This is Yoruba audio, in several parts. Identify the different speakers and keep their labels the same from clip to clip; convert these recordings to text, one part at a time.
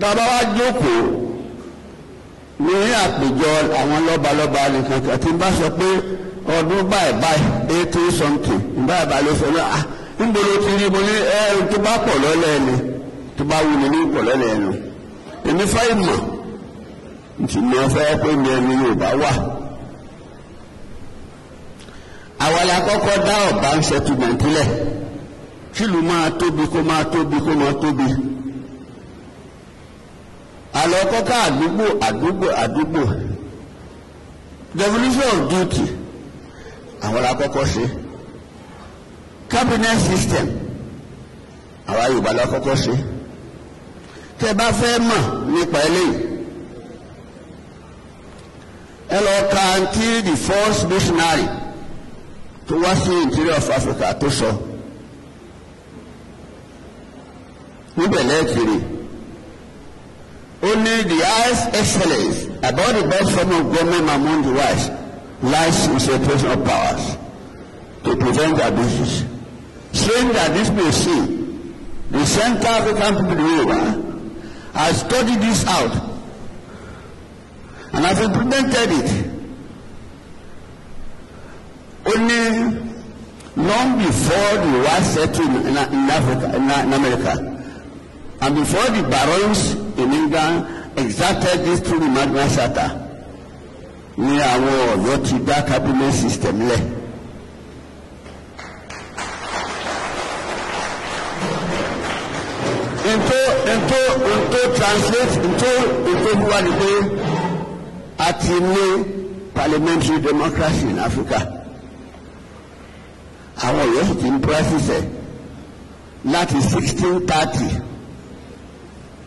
Speaker 1: tábà wá jókòó ní àpèjọ àwọn lọ́balọ́ba nìkan kan tí n bá sọ pé ọdún báyìí báyìí eighty something báyìí báyìí ló sọ náà ah, níbo ti rí mo ní ẹ eh, tó bá pọ̀ lọ́lẹ́ ẹni tó bá wù mí ní pọ̀ èmi fáyì mọ̀ ntì mọ̀ fẹ́ pé mi ẹni wà. àwa kọ́kọ́ dá ọ̀bá ń kí ló máa tóbi kó máa tóbi kó máa tóbi. àlọ́ kọ́ká àdúgbò àdúgbò àdúgbò definition of duty àwọn akọ́kọ́ ṣe cabinet system àwa Yorùbá la kọ́kọ́ ṣe tẹ́ bá fẹ́ mọ̀ nípa eléyìí ẹ lọ ka until the first missionary tó wá sí interior of Africa tó sọ níbẹ̀ lẹ́ẹ̀kiri. So. Only the highest excellence about the best form of government among the wise lies in separation of powers to prevent abuses. Saying that this may seem, the Central African People Union have studied this out and have implemented it. Only long before the war settled in, in Africa, in, in America. And before the barons in England exacted this two the Magna Charta ni àwọn Ọ̀yọ́ ti dá cabinet system lẹ̀. nto nto nto translate nto nto buwa ni pé a ti ní parliamentary democracy in Africa àwọn Ọ̀yọ́ sì ti ń practice ẹ̀ láti sixteen thirty.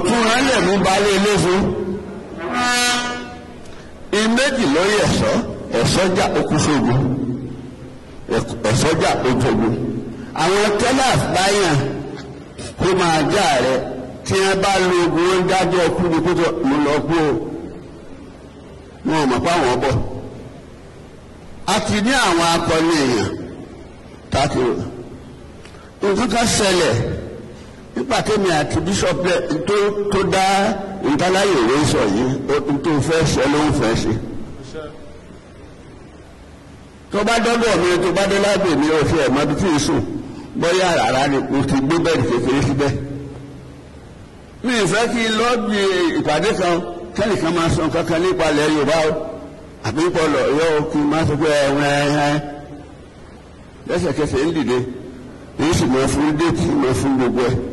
Speaker 1: òtún ránlẹ̀ mú balẹ̀ eléfo ìméjì lórí ẹ̀sọ́ ẹ̀sọ́jà okùnfógun ẹ̀sọ́jà okùnfógun àwọn tẹ́lẹ̀f báyàn kó máa já rẹ̀ tí wọ́n bá lo ogun ó dájọ́ ọkú ni kó tó lọ kú o mọ̀ bọ̀ a ti ní àwọn akọni èèyàn tá a ti rò nǹkan nígbà tẹ́mi àti bíṣọ̀pù tó tó dá ìdáláyè ìwé sọ yìí ohun tó fẹ́ sọ ló ń fẹ́ ṣe. tó bá dọ́dọ̀ mi tó bá dé lágbè mi ò fi ẹ̀mọ́ bí tí ì sùn bóyá rárá ni mo ti gbé bẹ́ẹ̀ kékeré síbẹ̀. mi ì fẹ́ kí lọ́ọ̀bì ìpàdé kan kẹ́nìkan máa sọ nǹkan nípa ilẹ̀ Yorùbá o àbí ń pọlọ yọ kí n máa sọ pé ẹ̀wọ̀n ẹ̀hẹ́n lẹ́sẹ̀kẹsẹ̀ ń dìde èyí sì máa fún dé tí máa fún gbogbo ẹ̀.